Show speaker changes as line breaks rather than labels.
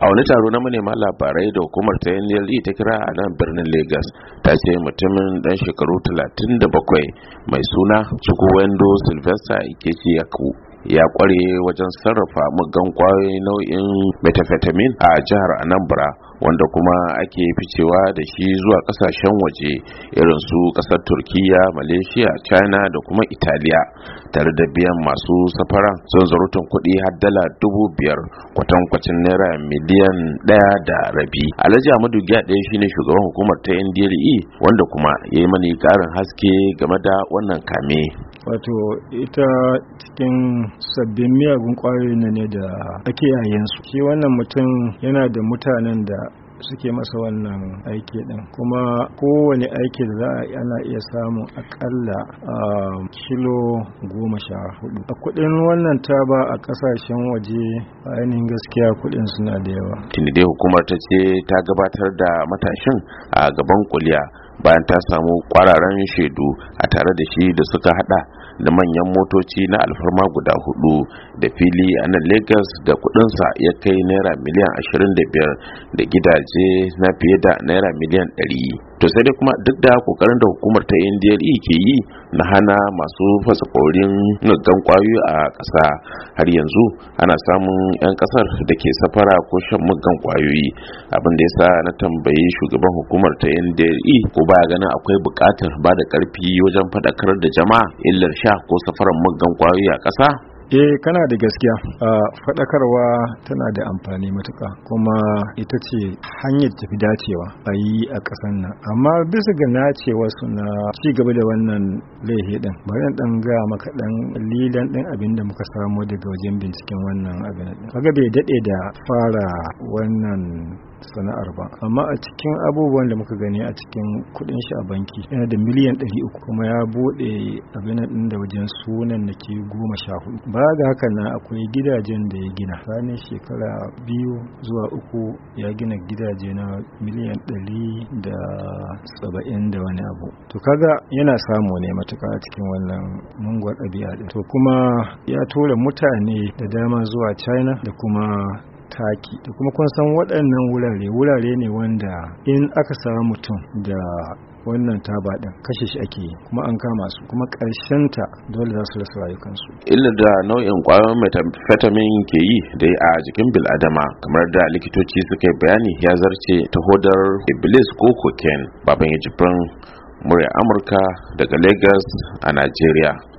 a wani taro na manema labarai da hukumar ta nle ta kira a nan birnin lagos ta ce mutumin dan shekaru 37 mai suna chukwuendo sylvester ikechi yaku ya kware wajen sarrafa muggan kwayoyin nau'in metafetamin a jihar anambra wanda kuma ake ficewa da shi zuwa kasashen waje irin su kasar turkiya malaysia china da kuma italiya tare da biyan masu safaran sun zarutun kuɗi har dala dubu biyar kwatankwacin naira miliyan ɗaya da rabi alhaji amadu giya ɗaya shine shugaban hukumar ta ndle wanda kuma ya yi mani ƙarin haske game da wannan kame
wato ita cikin sabbin miyagun na ne da ake yayinsu shi wannan mutum yana da mutanen da suke masa wannan aiki din kuma kowane aiki da za a ana iya samun akalla a um, kilo goma sha hudu a kudin wannan taba a kasashen waje a ainihin gaskiya kudin suna da yawa
tuni dai hukumar ta ce ta gabatar da matashin a gaban kuliya bayan ta samu kwararan shaidu a tare da shi da suka hada da manyan motoci na alfarma guda hudu da fili a nan lagos da kudinsa ya kai naira miliyan 25 da gidaje na fiye da naira miliyan 100 to sai dai kuma duk da kokarin da hukumar ta NDLE ke yi na hana masu fasa ƙorin muggan kwayoyi a ƙasa har yanzu ana samun 'yan ƙasar da ke safara ko shan muggan kwayoyi abin da yasa na tambayi shugaban hukumar ta NDLE ko baya ganin akwai buƙatar ba da ƙarfi wajen faɗakar da jama'a illar sha ko safarar muggan kwayoyi a ƙasa
E kana da gaskiya faɗakarwa tana da amfani matuka kuma ita ce hanyar tafi dacewa a yi a ƙasan nan amma bisa ga nacewa suna ci gaba da wannan laifi din bari in dan ga maka dan lilan din abin da muka samu daga wajen binciken wannan abin din kaga bai daɗe da fara wannan sana'ar ba amma a cikin abubuwan da muka gani a cikin kudin shi a banki yana da miliyan 300 kuma ya bude abin din da wajen sunan da ke goma sha hudu ba ga haka na akwai gidajen da ya gina sanin shekara biyu zuwa uku ya gina gidaje na miliyan 170 da saba'in da wani abu to kaga yana samu ne matuka a cikin wannan mungwar ɗabi'a to kuma ya tura mutane da dama zuwa china da kuma taki da kuma kun san waɗannan wurare wurare ne wanda in aka samu mutum da wannan taba ɗin kashe shi ake yi kuma an kama su kuma ƙarshen ta dole za su rasa rayukansu
illa da nau'in ƙwayoyin methamphetamine ke yi da a jikin biladama kamar da likitoci suka bayani ya zarce ta hodar iblis ko cocaine baban ya murya amurka daga lagos a nigeria